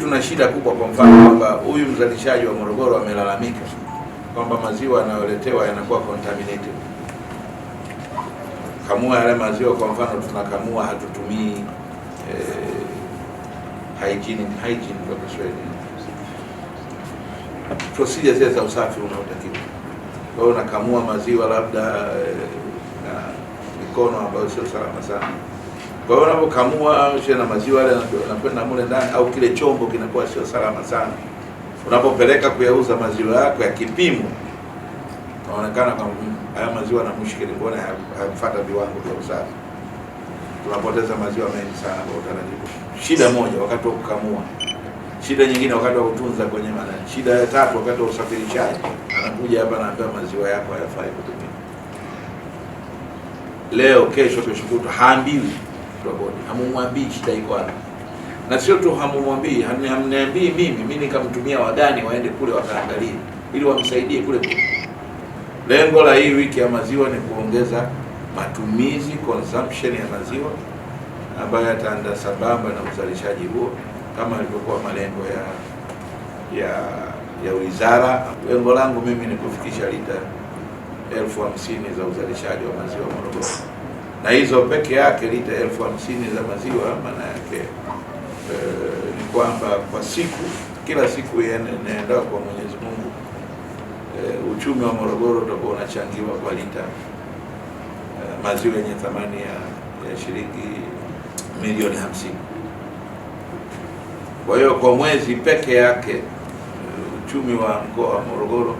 Tuna shida kubwa, kwa mfano kwamba huyu mzalishaji wa Morogoro amelalamika kwamba maziwa yanayoletewa yanakuwa contaminated. Kamua yale maziwa, kwa mfano tunakamua, hatutumii eh, hygiene hygiene kwa Kiswahili, procedure zile za usafi unaotakiwa. Kwa hiyo unakamua maziwa labda eh, na mikono ambayo sio salama sana kwa hiyo unapokamua na maziwa yale yanakwenda mule ndani, au kile chombo kinakuwa sio salama sana. Unapopeleka kuyauza maziwa yako ya kipimo, naonekana kama hmm, haya maziwa na mushkili, mbona hayafuata viwango vya usafi? Tunapoteza maziwa mengi sana kwa utaratibu. Shida moja wakati wa kukamua, shida nyingine wakati wa kutunza kwenye maana, shida ya tatu wakati wa usafirishaji. Anakuja hapa anaambiwa maziwa yako hayafai kutumika leo, kesho, kesho kutwa, haambiwi wa bodi, hamumwambii shida iko wapi? Na sio tu hamumwambii, hamniambii mimi, mi nikamtumia wagani waende kule wakaangalie, ili wamsaidie kule. Lengo la hii wiki ya maziwa ni kuongeza matumizi consumption ya maziwa ambayo yataenda sambamba na uzalishaji huo kama alivyokuwa malengo ya ya ya wizara. Lengo langu mimi ni kufikisha lita elfu hamsini za uzalishaji wa maziwa Morogoro na hizo peke yake lita elfu hamsini za maziwa, maana yake e, ni kwamba kwa siku kila siku inaenda kwa Mwenyezi Mungu e, uchumi wa Morogoro utakuwa unachangiwa kwa lita e, maziwa yenye thamani ya, ya shilingi milioni hamsini. Kwa hiyo kwa mwezi peke yake uchumi wa mkoa wa Morogoro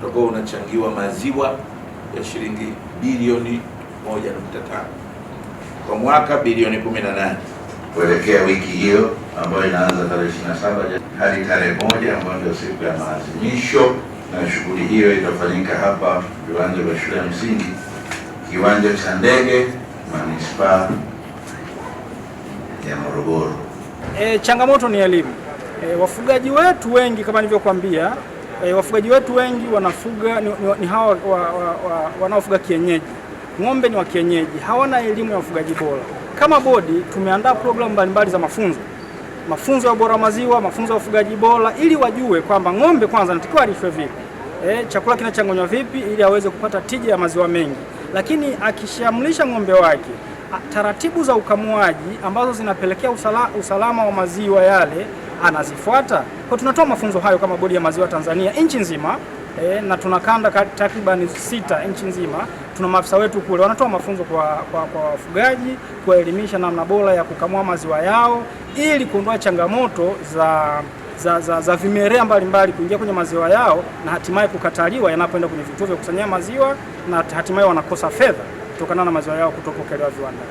utakuwa unachangiwa maziwa ya shilingi bilioni 1.5 kwa mwaka bilioni 18 kuelekea wiki hiyo ambayo inaanza tarehe 27 hadi tarehe moja ambayo ndio siku ya maadhimisho, na shughuli hiyo itafanyika hapa viwanja vya shule ya msingi, kiwanja cha ndege, manispaa ya Morogoro. E, changamoto ni elimu. E, wafugaji wetu wengi kama nilivyokuambia, e, wafugaji wetu wengi wanafuga ni, ni, ni hawa wa, wa, wa, wanaofuga kienyeji ng'ombe ni wa kienyeji, hawana elimu ya ufugaji bora. Kama bodi tumeandaa programu mbalimbali za mafunzo, mafunzo ya ubora maziwa, mafunzo ya ufugaji bora, ili wajue kwamba ng'ombe kwanza anatakiwa alishwe vipi, e, chakula kinachanganywa vipi ili aweze kupata tija ya maziwa mengi, lakini akishamlisha ng'ombe wake taratibu za ukamuaji ambazo zinapelekea usala, usalama wa maziwa yale anazifuata. Kwa tunatoa mafunzo hayo kama bodi ya maziwa Tanzania nchi nzima e, na tuna kanda takribani sita nchi nzima tuna maafisa wetu kule wanatoa mafunzo kwa, kwa, kwa wafugaji kuwaelimisha namna bora ya kukamua maziwa yao ili kuondoa changamoto za za, za, za vimelea mbalimbali kuingia kwenye maziwa yao na hatimaye kukataliwa yanapoenda kwenye vituo vya kukusanyia maziwa na hatimaye wanakosa fedha kutokana na maziwa yao kutopokelewa viwandani.